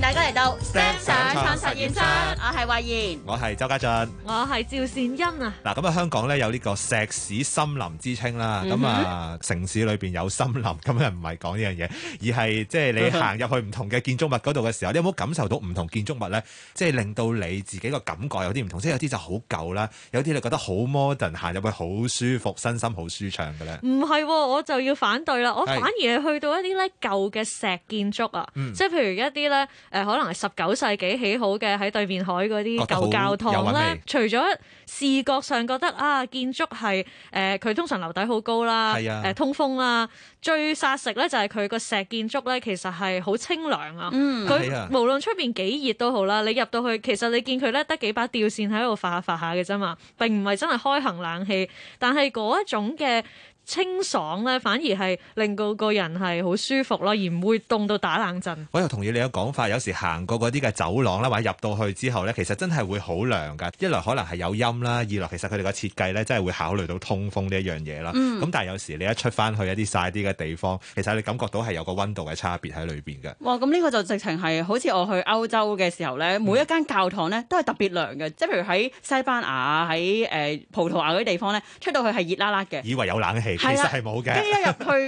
大家嚟到上上《真相探查》現場，我係慧賢，我係周家俊，我係趙善恩啊！嗱，咁啊，香港咧有呢個石屎森林之稱啦。咁、嗯、哼啊，城市裏邊有森林，咁又唔係講呢樣嘢，而係即係你行入去唔同嘅建築物嗰度嘅時候， 你有冇感受到唔同建築物咧？即、就、係、是、令到你自己個感覺有啲唔同，即係有啲就好舊啦，有啲你覺得好 modern，行入去好舒服，身心好舒暢嘅咧。唔係、哦，我就要反對啦！我反而係去到一啲咧舊嘅石建築啊，的即係譬如一啲咧。誒、呃、可能係十九世紀起好嘅喺對面海嗰啲舊教堂咧，除咗視覺上覺得啊建築係誒佢通常樓底好高啦，誒、啊啊、通風啦，最殺食咧就係佢個石建築咧，其實係好清涼啊！佢無論出邊幾熱都好啦，你入到去其實你見佢咧得幾把吊扇喺度發下發下嘅啫嘛，並唔係真係開行冷氣，但係嗰一種嘅。清爽咧，反而係令到個人係好舒服咯，而唔會凍到打冷震。我又同意你嘅講法，有時行過嗰啲嘅走廊啦，或者入到去之後咧，其實真係會好涼噶。一來可能係有陰啦，二來其實佢哋嘅設計咧，真係會考慮到通風呢一樣嘢啦。咁、嗯、但係有時你一出翻去一啲曬啲嘅地方，其實你感覺到係有個溫度嘅差別喺裏邊嘅。哇！咁呢個就直情係好似我去歐洲嘅時候咧，每一間教堂咧都係特別涼嘅，即係譬如喺西班牙、喺誒、呃、葡萄牙嗰啲地方咧，出到去係熱辣辣嘅。以為有冷氣。係啦，跟住一入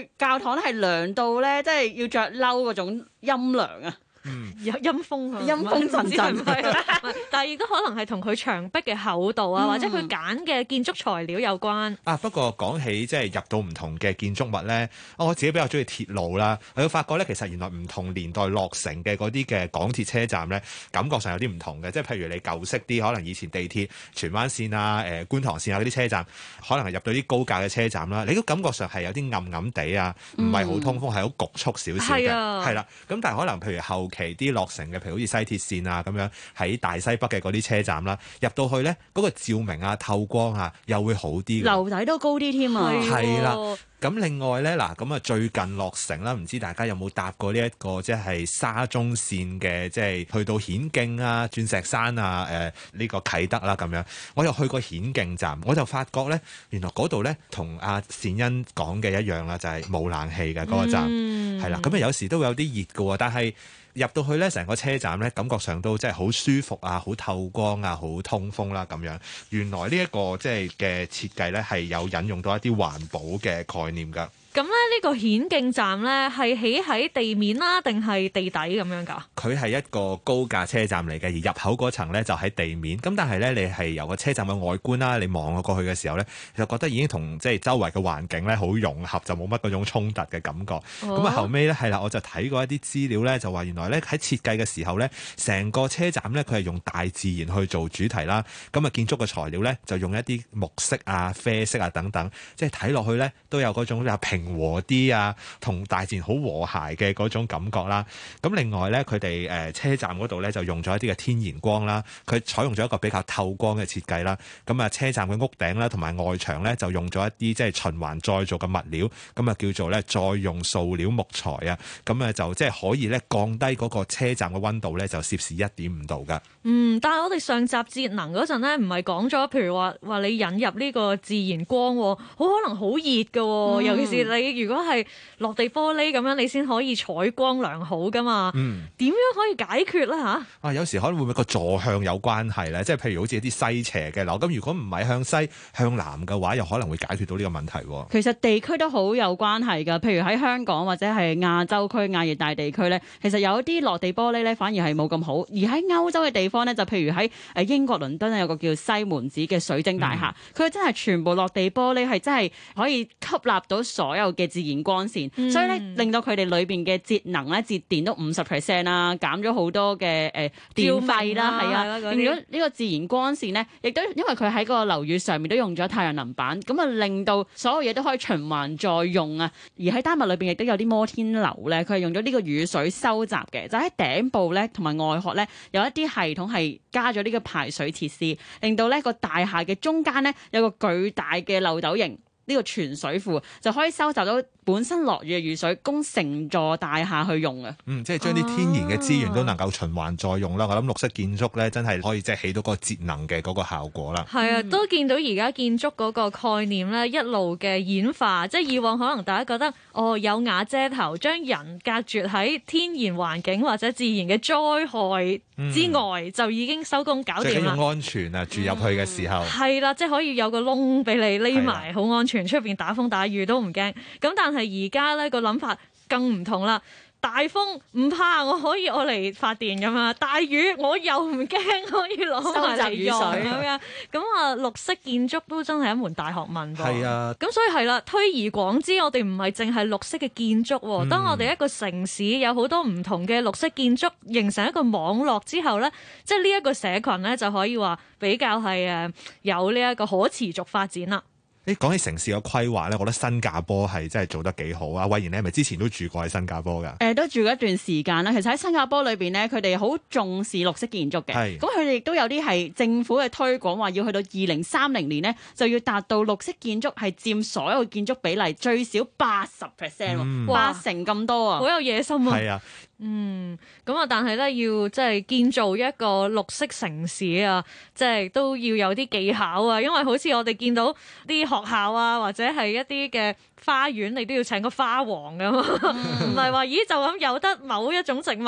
去教堂係涼到呢，即係要著褸嗰種陰涼啊！嗯，有陰風、啊，是陰風陣陣。是是 但係亦都可能係同佢牆壁嘅厚度啊，嗯、或者佢揀嘅建築材料有關。啊，不過講起即係、就是、入到唔同嘅建築物咧，我自己比較中意鐵路啦。我發覺咧，其實原來唔同年代落成嘅嗰啲嘅港鐵車站咧，感覺上有啲唔同嘅。即係譬如你舊式啲，可能以前地鐵荃灣線啊、誒、呃、觀塘線啊嗰啲車站，可能係入到啲高架嘅車站啦，你都感覺上係有啲暗暗地啊，唔係好通風，係好局促少少嘅。係啦、嗯，咁但係可能譬如後其啲落成嘅，譬如好似西鐵線啊咁樣，喺大西北嘅嗰啲車站啦，入到去咧，嗰、那個照明啊、透光啊，又會好啲。樓底都高啲添啊！係啦的，咁另外咧，嗱，咁啊最近落成啦，唔知大家有冇搭過呢、這、一個即係、就是、沙中線嘅，即、就、係、是、去到顯徑啊、鑽石山啊、誒、呃、呢、這個啟德啦、啊、咁樣。我又去過顯徑站，我就發覺咧，原來嗰度咧同阿善恩講嘅一樣啦，就係、是、冇冷氣嘅嗰個站，係啦、嗯，咁啊有時都會有啲熱噶喎，但係。入到去呢，成個車站呢，感覺上都即係好舒服啊，好透光啊，好通風啦咁樣。原來呢一個即係嘅設計呢，係有引用到一啲環保嘅概念㗎。咁咧，呢個顯徑站呢，係起喺地面啦，定係地底咁樣噶？佢係一個高架車站嚟嘅，而入口嗰層咧就喺地面。咁但係呢，你係由個車站嘅外觀啦，你望過去嘅時候咧，就覺得已經同即係周圍嘅環境呢好融合，就冇乜嗰種衝突嘅感覺。咁啊、哦，後尾呢，係啦，我就睇過一啲資料呢，就話原來呢，喺設計嘅時候呢，成個車站呢，佢係用大自然去做主題啦。咁啊，建築嘅材料呢，就用一啲木色啊、啡色啊等等，即係睇落去呢，都有嗰種和啲啊，同大自然好和諧嘅嗰種感覺啦。咁另外呢，佢哋誒車站嗰度呢，就用咗一啲嘅天然光啦。佢採用咗一個比較透光嘅設計啦。咁啊，車站嘅屋頂啦同埋外牆呢，就用咗一啲即係循環再造嘅物料。咁啊叫做呢，再用塑料木材啊。咁啊就即係可以呢，降低嗰個車站嘅溫度呢，就攝氏一點五度㗎。嗯，但係我哋上集節能嗰陣咧，唔係講咗，譬如話話你引入呢個自然光，好可能好熱㗎，嗯、尤其是。你如果係落地玻璃咁樣，你先可以採光良好噶嘛？點、嗯、樣可以解決咧嚇？啊，有時可能會唔會個坐向有關係咧，即係譬如好似一啲西斜嘅樓，咁如果唔係向西向南嘅話，又可能會解決到呢個問題。其實地區都好有關係噶，譬如喺香港或者係亞洲區亞熱帶地區咧，其實有一啲落地玻璃咧反而係冇咁好，而喺歐洲嘅地方咧，就譬如喺誒英國倫敦有個叫西門子嘅水晶大廈，佢、嗯、真係全部落地玻璃，係真係可以吸納到水嘅自然光線，嗯、所以咧令到佢哋裏邊嘅節能咧節電都五十 percent 啦，減咗好多嘅誒電費啦，係啊，如果呢個自然光線咧，亦都因為佢喺個樓宇上面都用咗太陽能板，咁啊令到所有嘢都可以循環再用啊。而喺丹麥裏邊亦都有啲摩天樓咧，佢係用咗呢個雨水收集嘅，就喺、是、頂部咧同埋外殼咧有一啲系統係加咗呢個排水設施，令到咧、個大廈嘅中間咧有個巨大嘅漏斗形。呢個蓄水庫就可以收集到本身落雨嘅雨水，供成座大廈去用嘅。嗯，即係將啲天然嘅資源都能夠循環再用啦。啊、我諗綠色建築咧，真係可以即係起到個節能嘅嗰個效果啦。係啊，都見到而家建築嗰個概念咧，一路嘅演化。即係以往可能大家覺得，哦有瓦遮頭，將人隔絕喺天然環境或者自然嘅災害之外，嗯、就已經收工搞掂啦。最緊要安全、嗯、啊！住入去嘅時候係啦，即係可以有個窿俾你匿埋，好、啊、安全。出邊打風打雨都唔驚，咁但係而家呢個諗法更唔同啦。大風唔怕，我可以我嚟發電咁啊！大雨我又唔驚，可以攞埋嚟用咁樣。咁啊，綠色建築都真係一門大學問噃。係啊，咁所以係啦，推而廣之，我哋唔係淨係綠色嘅建築。當我哋一個城市有好多唔同嘅綠色建築形成一個網絡之後呢，即係呢一個社群呢，就可以話比較係誒有呢一個可持續發展啦。誒講起城市嘅規劃咧，我覺得新加坡係真係做得幾好啊！偉然咧，你係咪之前都住過喺新加坡㗎？誒，都住過一段時間啦。其實喺新加坡裏邊咧，佢哋好重視綠色建築嘅。係。咁佢哋亦都有啲係政府嘅推廣，話要去到二零三零年咧，就要達到綠色建築係佔所有建築比例最少八十 percent，八成咁多啊！好有野心啊！係啊。嗯，咁啊，但係咧，要即係建造一個綠色城市啊，即係都要有啲技巧啊，因為好似我哋見到啲學校啊，或者係一啲嘅。花園你都要請個花王㗎嘛，唔係話咦，就咁有得某一種植物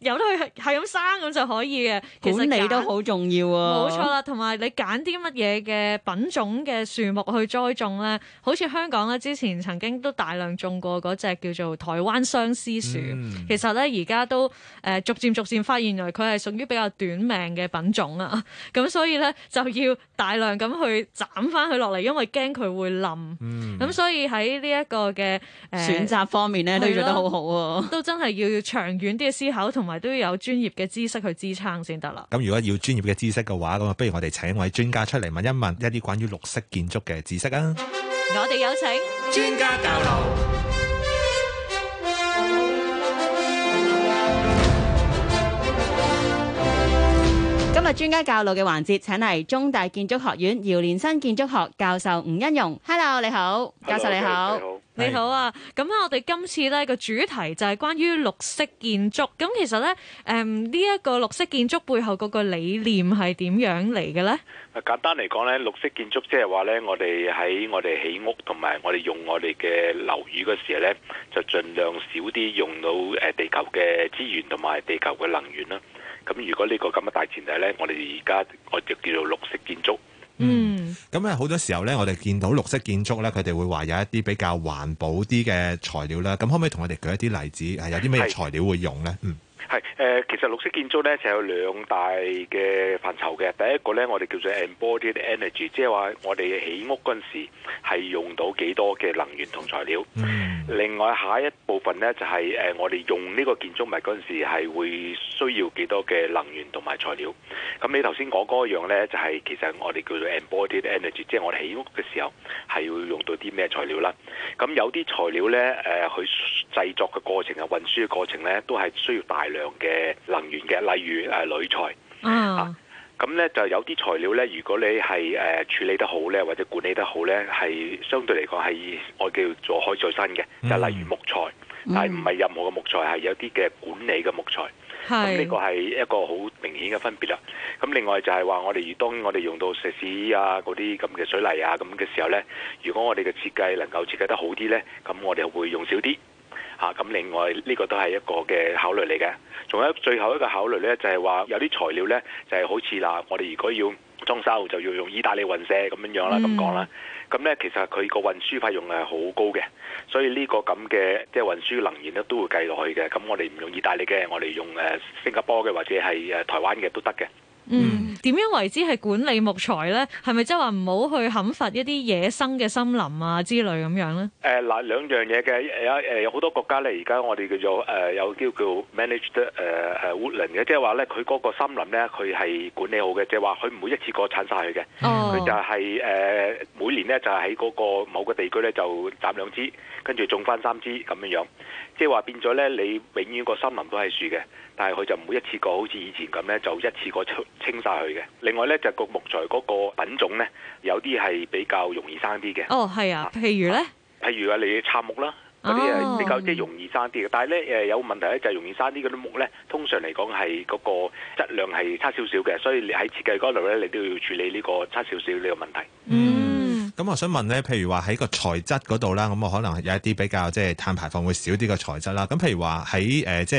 有得去係咁生咁就可以嘅。其實管理都好重要啊，冇錯啦，同埋你揀啲乜嘢嘅品種嘅樹木去栽種咧，好似香港咧之前曾經都大量種過嗰隻叫做台灣相思樹，嗯、其實咧而家都誒、呃、逐漸逐漸發現原來佢係屬於比較短命嘅品種啊，咁 所以咧就要大量咁去斬返佢落嚟，因為驚佢會冧。咁、嗯嗯、所以喺呢一個嘅選擇方面咧，都做得好好，都真係要長遠啲嘅思考，同埋都要有專業嘅知識去支撐先得啦。咁 如果要專業嘅知識嘅話，咁啊不如我哋請位專家出嚟問一問一啲關於綠色建築嘅知識啊！我哋有請專家教路。今日專家教路嘅環節，請嚟中大建築學院姚連生建築學教授吳恩融。Hello，你好，教授你好，你好，你好啊！咁啊，我哋今次呢個主題就係關於綠色建築。咁其實咧，誒呢一個綠色建築背後嗰個理念係點樣嚟嘅咧？啊，簡單嚟講咧，綠色建築即係話咧，我哋喺我哋起屋同埋我哋用我哋嘅樓宇嗰時候咧，就盡量少啲用到誒地球嘅資源同埋地球嘅能源啦。咁如果呢個咁嘅大前提呢，我哋而家我就叫做綠色建築。嗯，咁咧好多時候呢，我哋見到綠色建築呢，佢哋會話有一啲比較環保啲嘅材料啦。咁可唔可以同我哋舉一啲例子？有啲咩材料會用呢？是嗯，係、呃、其實綠色建築呢，就有兩大嘅範疇嘅。第一個呢，我哋叫做 embodied energy，即係話我哋起屋嗰陣時係用到幾多嘅能源同材料。嗯另外下一部分呢就係、是、誒我哋用呢個建築物嗰陣時係會需要幾多嘅能源同埋材料。咁你頭先講嗰樣呢，就係、是、其實我哋叫做 embodied energy，即係我哋起屋嘅時候係要用到啲咩材料啦。咁有啲材料呢，誒、呃，佢製作嘅過程啊、運輸嘅過程呢，都係需要大量嘅能源嘅，例如誒、呃、鋁材。嗯、uh。Huh. 啊咁咧就有啲材料咧，如果你係誒、呃、處理得好咧，或者管理得好咧，係相對嚟講係我叫做開在新嘅，就是、例如木材，mm hmm. 但係唔係任何嘅木材係有啲嘅管理嘅木材，咁呢、mm hmm. 個係一個好明顯嘅分別啦。咁另外就係話，我哋如當我哋用到石屎啊嗰啲咁嘅水泥啊咁嘅時候咧，如果我哋嘅設計能夠設計得好啲咧，咁我哋會用少啲。嚇！咁另外呢、這個都係一個嘅考慮嚟嘅。仲有最後一個考慮呢，就係、是、話有啲材料呢，就係、是、好似嗱，我哋如果要裝修，就要用意大利雲石咁樣、嗯、樣啦，咁講啦。咁呢，其實佢個運輸費用係好高嘅，所以呢個咁嘅即係運輸能源呢都會計落去嘅。咁我哋唔用意大利嘅，我哋用誒新加坡嘅或者係台灣嘅都得嘅。嗯，點樣為之係管理木材咧？係咪即係話唔好去砍伐一啲野生嘅森林啊之類咁、呃、樣咧？誒嗱，兩樣嘢嘅有有好多國家咧，而家我哋叫做誒、呃、有叫叫 managed 誒、呃、woodland 嘅，即係話咧佢嗰個森林咧，佢係管理好嘅，即係話佢唔會一次過砍晒佢嘅，佢、哦、就係、是、誒、呃、每年咧就喺、是、嗰個某個地區咧就斬兩枝，跟住種翻三枝咁樣樣，即係話變咗咧你永遠個森林都係樹嘅，但係佢就唔會一次過好似以前咁咧，就一次過就。清晒佢嘅。另外、哦啊、呢，就個、啊、木材嗰個品種呢，有啲係比較容易生啲嘅。哦，係啊，譬如呢，譬如話，你杉木啦，嗰啲係比較即係容易生啲嘅。但係呢，誒有問題呢，就係容易生啲嗰啲木呢，通常嚟講係嗰個質量係差少少嘅，所以你喺設計嗰度呢，你都要處理呢個差少少呢個問題。嗯。咁我想問咧，譬如話喺個材質嗰度啦，咁我可能有一啲比較即係、就是、碳排放會少啲嘅材質啦。咁譬如話喺誒即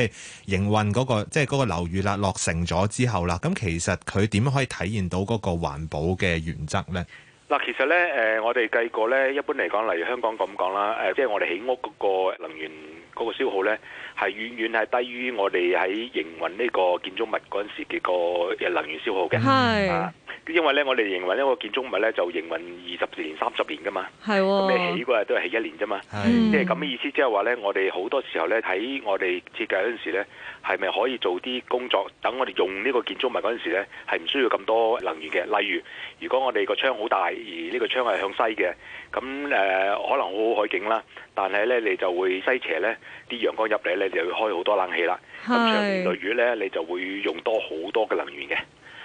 係營運嗰、那個即係嗰個樓宇啦，落成咗之後啦，咁其實佢點樣可以體現到嗰個環保嘅原則咧？嗱，其實咧誒、呃，我哋計過咧，一般嚟講，例如香港咁講啦，誒、呃，即、就、係、是、我哋起屋嗰個能源，嗰個消耗咧係遠遠係低於我哋喺營運呢個建築物嗰陣時嘅個能源消耗嘅。係是、啊，因為咧我哋營運一個建築物咧就營運二十年三十年㗎嘛。係喎，咁你起嗰日都係起一年啫嘛。是即係咁嘅意思，即係話咧，我哋好多時候咧喺我哋設計嗰陣時咧，係咪可以做啲工作，等我哋用呢個建築物嗰陣時咧係唔需要咁多能源嘅？例如，如果我哋個窗好大，而呢個窗係向西嘅。咁誒，呃，可能好海景啦，但係咧你就會西斜咧，啲陽光入嚟咧你就會開好多冷氣啦。咁長年累月咧，你就會用多好多嘅能源嘅。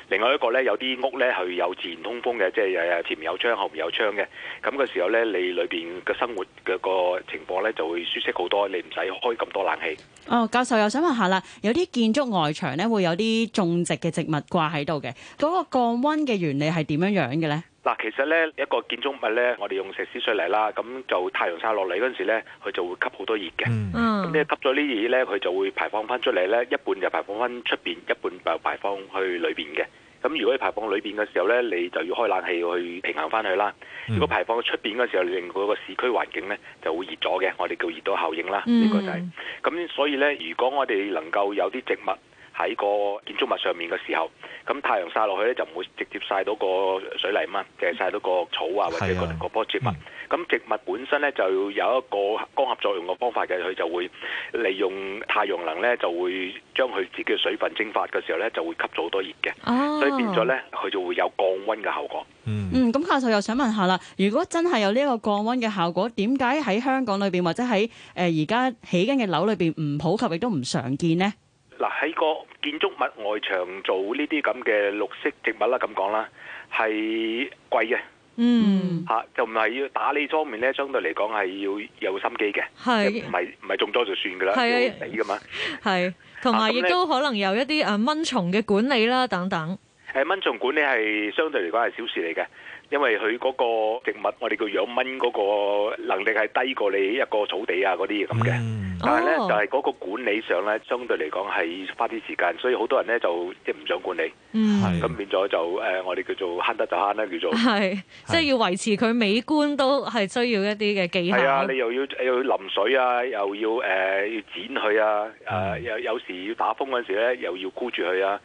另外一個咧，有啲屋咧係有自然通風嘅，即係誒前面有窗、後面有窗嘅。咁嘅時候咧，你裏邊嘅生活嘅個情況咧就會舒適好多，你唔使開咁多冷氣。哦，教授又想問下啦，有啲建築外牆咧會有啲種植嘅植物掛喺度嘅，嗰個降溫嘅原理係點樣樣嘅咧？嗱，其實咧一個建築物咧，我哋用石屎出嚟石屎水泥啦，咁就太陽曬落嚟嗰陣時咧，佢就會吸好多熱嘅。咁、mm hmm. 你吸咗呢熱咧，佢就會排放翻出嚟咧，一半就排放翻出邊，一半就排放去裏邊嘅。咁如果佢排放裏邊嘅時候咧，你就要開冷氣去平衡翻佢啦。Mm hmm. 如果排放出邊嘅時候，令嗰個市區環境咧就會熱咗嘅，我哋叫熱到效應熱島效應啦。呢、這個就係、是、咁，mm hmm. 所以咧，如果我哋能夠有啲植物，喺個建築物上面嘅時候，咁太陽曬落去咧就唔會直接曬到個水泥嘛，即係曬到個草啊或者一個嗰棵植物。咁的植物本身咧就有一個光合作用嘅方法嘅，佢、就是、就會利用太陽能咧就會將佢自己嘅水分蒸發嘅時候咧就會吸咗好多熱嘅，啊、所以變咗咧佢就會有降温嘅效果。嗯，咁教授又想問下啦，如果真係有呢一個降温嘅效果，點解喺香港裏邊或者喺誒而家起緊嘅樓裏邊唔普及亦都唔常見呢？嗱，喺個建築物外牆做呢啲咁嘅綠色植物啦，咁講啦，係貴嘅，嗯，吓、啊、就唔係要打理方面咧，相對嚟講係要有心機嘅，係唔係唔係種咗就算噶啦，是要理噶嘛，係同埋亦都可能有一啲啊蚊蟲嘅管理啦等等，誒、啊、蚊蟲管理係相對嚟講係小事嚟嘅。因為佢嗰個植物，我哋叫養蚊嗰個能力係低過你一個草地啊嗰啲咁嘅，mm. 但係咧、oh. 就係嗰個管理上咧，相對嚟講係花啲時間，所以好多人咧就即係唔想管理，咁、mm. 變咗就誒、呃、我哋叫做慳得就慳啦，叫做係是是即係要維持佢美觀都係需要一啲嘅技巧。係啊，你又要又要淋水啊，又要誒、呃、要剪佢啊，誒又、mm. 呃、有時要打風嗰陣時咧，又要箍住佢啊。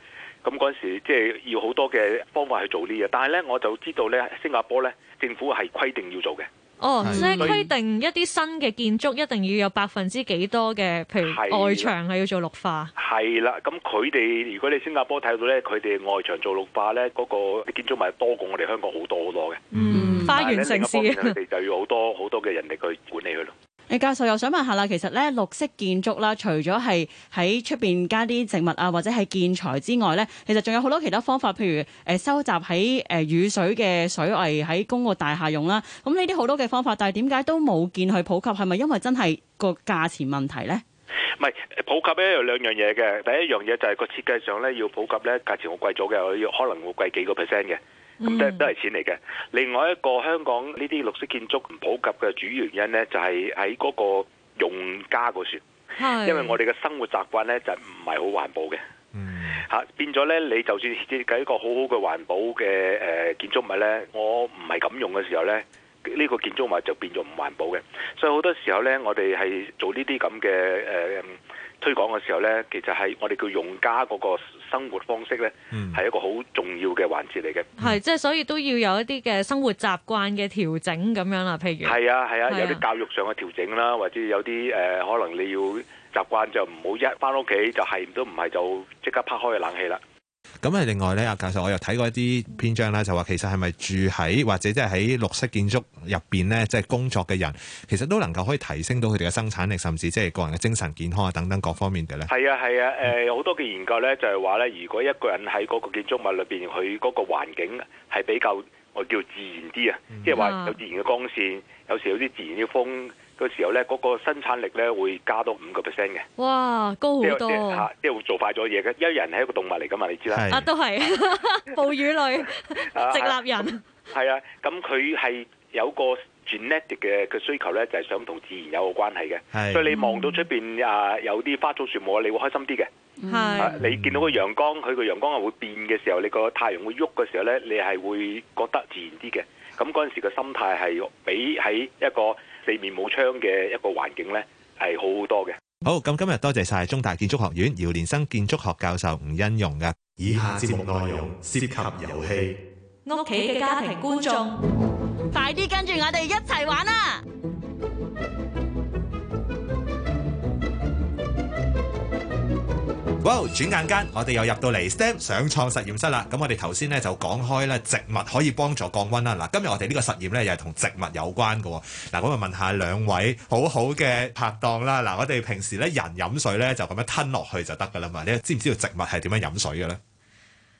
咁嗰陣時，即係要好多嘅方法去做呢嘢，但係咧我就知道咧，新加坡咧政府係規定要做嘅。哦，即係規定一啲新嘅建築一定要有百分之幾多嘅，譬如外牆係要做綠化。係啦，咁佢哋如果你新加坡睇到咧，佢哋外牆做綠化咧，嗰個建築物多過我哋香港好多好多嘅。嗯，花園城市嘅。但係另一方面，佢哋就要好多好多嘅人力去管理佢咯。教授又想問下啦，其實咧綠色建築啦，除咗係喺出邊加啲植物啊，或者係建材之外咧，其實仲有好多其他方法，譬如誒收集喺誒雨水嘅水位喺公共大廈用啦，咁呢啲好多嘅方法，但係點解都冇見佢普及？係咪因為真係個價錢問題咧？唔係普及咧，有兩樣嘢嘅。第一樣嘢就係個設計上咧要普及咧，價錢好貴咗嘅，我要可能會貴幾個 percent 嘅。咁、嗯、都都係錢嚟嘅。另外一個香港呢啲綠色建築唔普及嘅主要原因咧，就係喺嗰個用家嗰邊，是因為我哋嘅生活習慣咧就唔係好環保嘅。嚇、嗯啊、變咗咧，你就算設計一個好好嘅環保嘅誒、呃、建築物咧，我唔係咁用嘅時候咧。呢個建築物就變咗唔環保嘅，所以好多時候咧，我哋係做呢啲咁嘅誒推廣嘅時候咧，其實係我哋叫用家嗰個生活方式咧，係、嗯、一個好重要嘅環節嚟嘅。係、嗯，即係所以都要有一啲嘅生活習慣嘅調整咁樣啦，譬如係啊係啊，有啲教育上嘅調整啦，或者有啲誒、呃、可能你要習慣就唔好一返屋企就係都唔係就即刻啪開冷氣啦。咁啊，另外咧，阿教授我又睇過一啲篇章啦，就話、是、其實係咪住喺或者即係喺綠色建築入邊咧，即、就、係、是、工作嘅人，其實都能夠可以提升到佢哋嘅生產力，甚至即係個人嘅精神健康啊，等等各方面嘅咧。係啊，係啊，誒、呃、好多嘅研究咧，就係話咧，如果一個人喺嗰個建築物裏邊，佢嗰個環境係比較我叫自然啲啊，mm hmm. 即係話有自然嘅光線，有時有啲自然嘅風。個時候咧，嗰、那個生產力咧會加多五個 percent 嘅。哇，高好多！即係、啊、會做快咗嘢嘅。因為人係一個動物嚟噶嘛？你知啦。是啊，都係哺乳類 直立人。係啊，咁佢係有個 genetic 嘅嘅需求咧，就係想同自然有個關係嘅。是所以你望到出邊啊有啲花草樹木，你會開心啲嘅。係、嗯啊。你見到個陽光，佢個陽光係會變嘅時候，你個太陽會喐嘅時候咧，你係會覺得自然啲嘅。咁嗰陣時嘅心態係比喺一個四面冇窗嘅一個環境咧，係好好多嘅。好，咁今日多謝晒中大建築學院姚連生建築學教授吳恩融㗎。以下節目內容涉及遊戲，屋企嘅家庭觀眾，觀眾快啲跟住我哋一齊玩啦、啊！Wow, 轉眼間，我哋又入到嚟 STEM 想創實驗室啦。咁我哋頭先咧就講開咧植物可以幫助降溫啦。嗱，今日我哋呢個實驗咧又係同植物有關嘅。嗱，咁啊問下兩位好好嘅拍檔啦。嗱，我哋平時咧人飲水咧就咁樣吞落去就得㗎啦嘛。你知唔知道植物係點樣飲水嘅咧？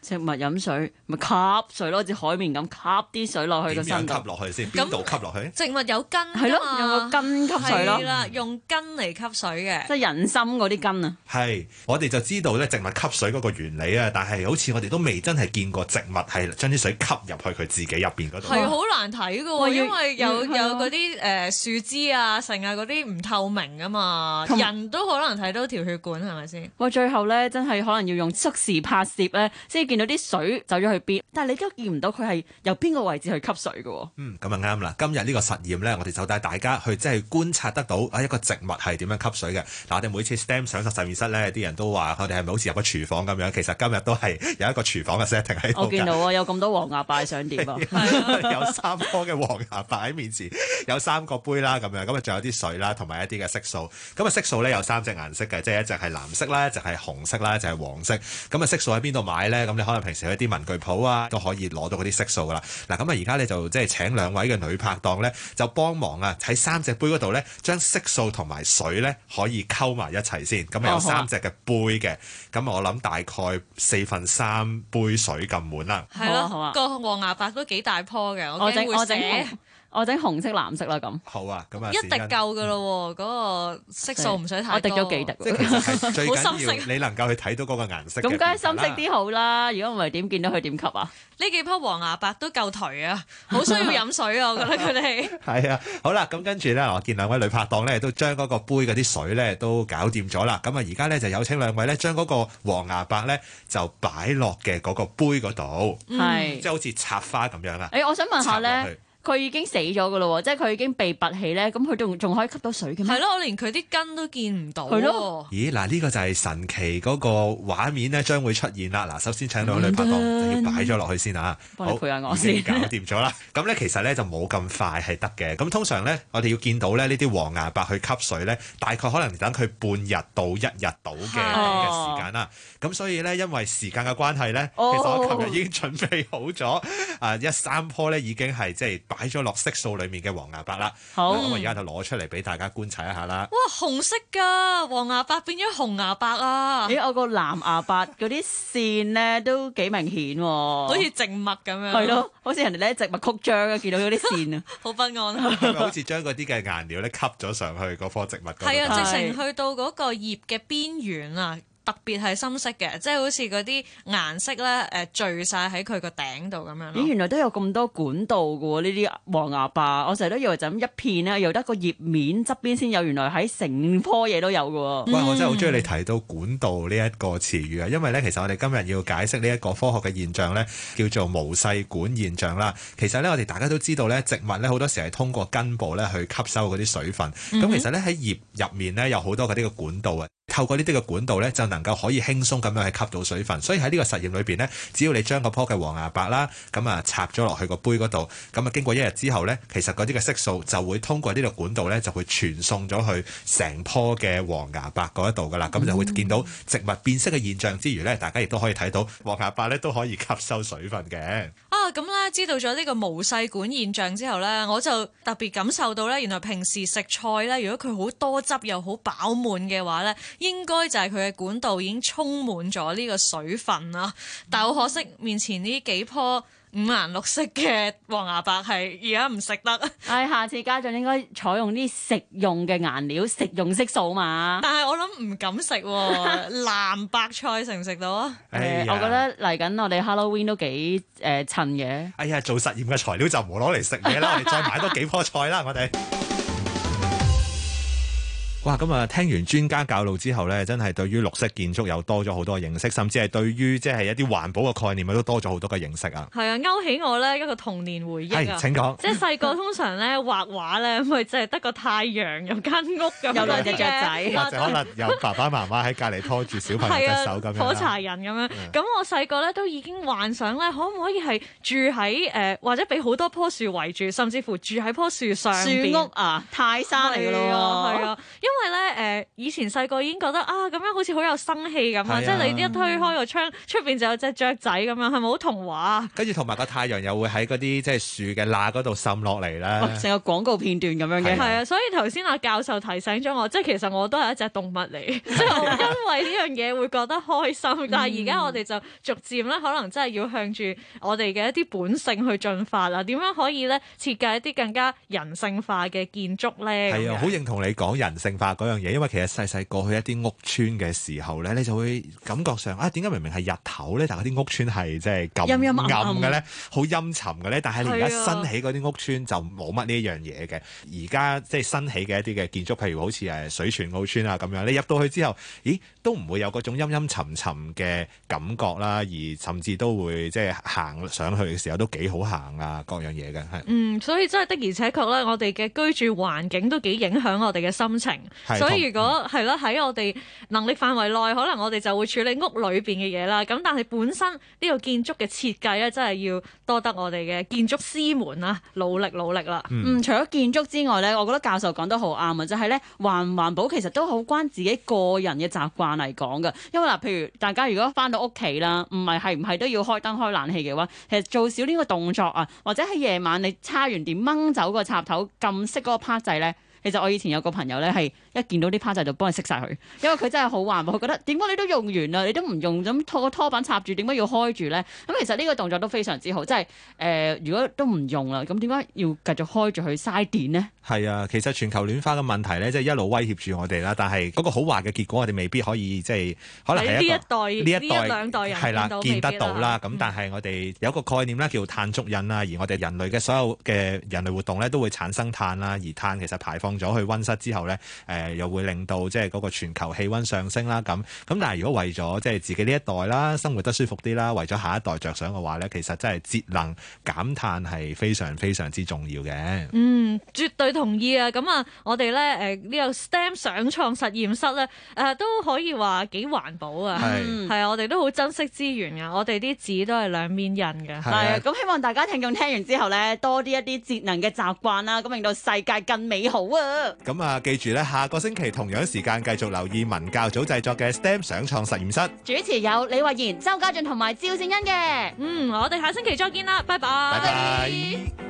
植物飲水咪、就是、吸水咯，似海綿咁吸啲水落去個身吸落去先？邊度吸落去？植物有根啊嘛，用個根吸水係啦，用根嚟吸水嘅，嗯、即係人參嗰啲根啊。係，我哋就知道咧植物吸水嗰個原理啊，但係好似我哋都未真係見過植物係將啲水吸入去佢自己入邊嗰度。係好是、嗯、難睇嘅喎，因為有、呃呃、有嗰啲誒樹枝啊、成日嗰啲唔透明啊嘛，明人都可能睇到條血管係咪先？哇、呃！最後咧真係可能要用即時拍攝咧先。見到啲水走咗去邊，但係你都見唔到佢係由邊個位置去吸水嘅。嗯，咁啊啱啦。今日呢個實驗咧，我哋就帶大家去即係觀察得到啊一個植物係點樣吸水嘅。嗱、嗯，我哋每次 STEM 上實實驗室咧，啲人都話我哋係咪好似入個廚房咁樣？其實今日都係有一個廚房嘅 setting 喺度。我見到啊、哦，有咁多黃牙擺上碟啊， 有三顆嘅黃牙擺喺面前，有三個杯啦，咁樣咁啊，仲有啲水啦，同埋一啲嘅色素。咁啊，色素咧有三隻顏色嘅，即係一隻係藍色啦，一隻係紅色啦，就係黃色。咁啊，色素喺邊度買咧？咁可能平時有啲文具鋪啊，都可以攞到嗰啲色素噶啦。嗱、啊，咁啊而家咧就即係請兩位嘅女拍檔咧，就幫忙啊喺三隻杯嗰度咧，將色素同埋水咧可以溝埋一齊先。咁有三隻嘅杯嘅，咁、啊、我諗大概四分三杯水咁滿啦。係咯，好啊，個黃牙白都幾大棵嘅，我驚會死。寫 我整紅色、藍色啦，咁。好啊，咁啊，一滴夠嘅咯，嗰個色素唔使太。我滴咗幾滴。即係最緊要好深色，你能夠去睇到嗰個顏色。咁梗係深色啲好啦，如果唔係點見到佢點吸啊？呢幾樖黃牙白都夠頹啊，好需要飲水啊，我覺得佢哋。係啊，好啦，咁跟住咧，我見兩位女拍檔咧都將嗰個杯嗰啲水咧都搞掂咗啦。咁啊，而家咧就有請兩位咧將嗰個黃牙白咧就擺落嘅嗰個杯嗰度，即係好似插花咁樣啊。誒，我想問下咧。佢已經死咗㗎咯，即係佢已經被拔起咧，咁佢仲仲可以吸到水嘅咩？係咯，我連佢啲根都見唔到了。係咯。咦，嗱、這、呢個就係神奇嗰個畫面咧，將會出現啦。嗱，首先請到女拍檔，嗯、就要擺咗落去先啊。幫我陪下我先。搞掂咗啦。咁咧 其實咧就冇咁快係得嘅。咁通常咧我哋要見到咧呢啲黃芽白去吸水咧，大概可能等佢半日到一日到嘅時間啦。咁、啊、所以咧因為時間嘅關係咧，其實我琴日已經準備好咗、哦、啊一三棵咧已經係即係。擺咗落色素裡面嘅黃牙白啦，好，咁我而家就攞出嚟俾大家觀察一下啦。哇，紅色噶黃牙白變咗紅牙白啊！咦、欸，我個藍牙白嗰啲線咧 都幾明顯喎，好似植物咁樣。係咯，好似人哋咧植物曲張啊，見到嗰啲線啊，好 不安。係唔係好似將嗰啲嘅顏料咧吸咗上去嗰棵植物？係 啊，直情去到嗰個葉嘅邊緣啊。特別係深色嘅，即係好似嗰啲顏色咧，誒、呃、聚晒喺佢個頂度咁樣。咦，原來都有咁多管道㗎喎？呢啲黃牙巴，我成日都以為就咁一片咧，又得個葉面側邊先有，原來喺成棵嘢都有㗎喎。喂！我真係好中意你提到管道呢一個詞語啊，因為咧，其實我哋今日要解釋呢一個科學嘅現象咧，叫做毛細管現象啦。其實咧，我哋大家都知道咧，植物咧好多時係通過根部咧去吸收嗰啲水分。咁、嗯、哼其實咧喺葉入面咧有好多嗰啲嘅管道啊，透過呢啲嘅管道咧就，能夠可以輕鬆咁樣去吸到水分，所以喺呢個實驗裏邊呢，只要你將個棵嘅黃牙白啦，咁啊插咗落去個杯嗰度，咁啊經過一日之後呢，其實嗰啲嘅色素就會通過呢條管道呢，就會傳送咗去成棵嘅黃牙白嗰一度噶啦，咁就會見到植物變色嘅現象之餘呢，大家亦都可以睇到黃牙白呢都可以吸收水分嘅。咁啦，知道咗呢個毛細管現象之後呢，我就特別感受到呢，原來平時食菜呢，如果佢好多汁又好飽滿嘅話呢，應該就係佢嘅管道已經充滿咗呢個水分啦。但係好可惜，面前呢幾棵。五顏六色嘅黃牙白係而家唔食得。哎，下次家長應該採用啲食用嘅顏料、食用色素嘛。但係我諗唔敢食喎， 藍白菜食唔食到啊？哎、 呃、我覺得嚟緊我哋 Halloween 都幾誒襯嘅。呃、哎呀，做實驗嘅材料就唔好攞嚟食嘢啦，我哋再買多幾棵菜啦， 我哋。哇！咁啊，聽完專家教導之後咧，真係對於綠色建築有多咗好多嘅認識，甚至係對於即係一啲環保嘅概念都多咗好多嘅認識啊！係啊，勾起我咧一個童年回憶。係請講。即係細個通常咧畫畫咧，咪即係得個太陽有間屋咁樣嘅。有兩隻雀仔。可能有爸爸媽媽喺隔離拖住小朋友隻手咁樣。火柴人咁樣。咁我細個咧都已經幻想咧，可唔可以係住喺誒，或者俾好多棵樹圍住，甚至乎住喺棵樹上。樹屋啊，泰山嚟嘅咯，係啊，因。因為咧，誒、呃，以前細個已經覺得啊，咁樣好似好有生氣咁啊，即係你一推開個窗，出邊就有隻雀仔咁樣，係咪好童話？跟住同埋個太陽又會喺嗰啲即係樹嘅罅嗰度滲落嚟啦，成個廣告片段咁樣嘅。係啊，啊，所以頭先阿教授提醒咗我，即係其實我都係一隻動物嚟，就、啊、因為呢樣嘢會覺得開心。 但係而家我哋就逐漸咧，可能真係要向住我哋嘅一啲本性去進化啦。點樣可以咧設計一啲更加人性化嘅建築咧？係啊，好認同你講人性化。啊！嗰樣嘢，因為其實細細過去一啲屋村嘅時候咧，你就會感覺上啊，點解明明係日頭咧，但係啲屋村係即係咁暗嘅咧，好陰沉嘅咧？但係你而家新起嗰啲屋村就冇乜呢一樣嘢嘅。而家即係新起嘅一啲嘅建築，譬如好似誒水泉澳村啊咁樣，你入到去之後，咦，都唔會有嗰種陰陰沉沉嘅感覺啦。而甚至都會即係行上去嘅時候都幾好行啊，各樣嘢嘅係。嗯，所以真係的，的而且確咧，我哋嘅居住環境都幾影響我哋嘅心情。所以如果係咯，喺我哋能力範圍內，可能我哋就會處理屋裏邊嘅嘢啦。咁但係本身呢個建築嘅設計咧，真係要多得我哋嘅建築師們啊努力努力啦。嗯，除咗建築之外咧，我覺得教授講得好啱啊，就係咧環唔環保其實都好關自己個人嘅習慣嚟講㗎。因為嗱，譬如大家如果翻到屋企啦，唔係係唔係都要開燈開冷氣嘅話，其實做少呢個動作啊，或者喺夜晚你叉完電掹走個插頭，撳熄嗰個 part 掣咧，其實我以前有個朋友咧係。一見到啲趴仔就幫你熄晒佢，因為佢真係好環保。佢覺得點解你都用完啦，你都唔用咁拖個拖板插住，點解要開住呢？咁其實呢個動作都非常之好，即係誒，如果都唔用啦，咁點解要繼續開住去嘥電呢？係啊，其實全球暖化嘅問題呢，即係一路威脅住我哋啦。但係嗰個好壞嘅結果，我哋未必可以即係、就是、可能係呢一,一代、呢一代，一代、啊、兩代人見得到啦。咁、嗯、但係我哋有一個概念啦，叫碳足印啦。而我哋人類嘅所有嘅人類活動呢，都會產生碳啦。而碳其實排放咗去温室之後呢。誒、呃。又會令到即係嗰個全球氣温上升啦，咁咁但係如果為咗即係自己呢一代啦，生活得舒服啲啦，為咗下一代着想嘅話呢，其實真係節能減碳係非常非常之重要嘅。嗯，絕對同意啊！咁啊，我哋咧誒呢、呢個 STEM 想創實驗室呢，誒、啊、都可以話幾環保啊！係啊是、嗯，我哋都好珍惜資源啊。我哋啲紙都係兩面印嘅。係啊，咁、啊嗯、希望大家聽眾聽完之後呢，多啲一啲節能嘅習慣啦，咁令到世界更美好啊！咁啊，記住呢。下。個星期同樣時間繼續留意文教組製作嘅 STEM 想創實驗室，主持有李慧賢、周家俊同埋趙正恩嘅。嗯，我哋下星期再見啦，拜拜 bye bye。Bye bye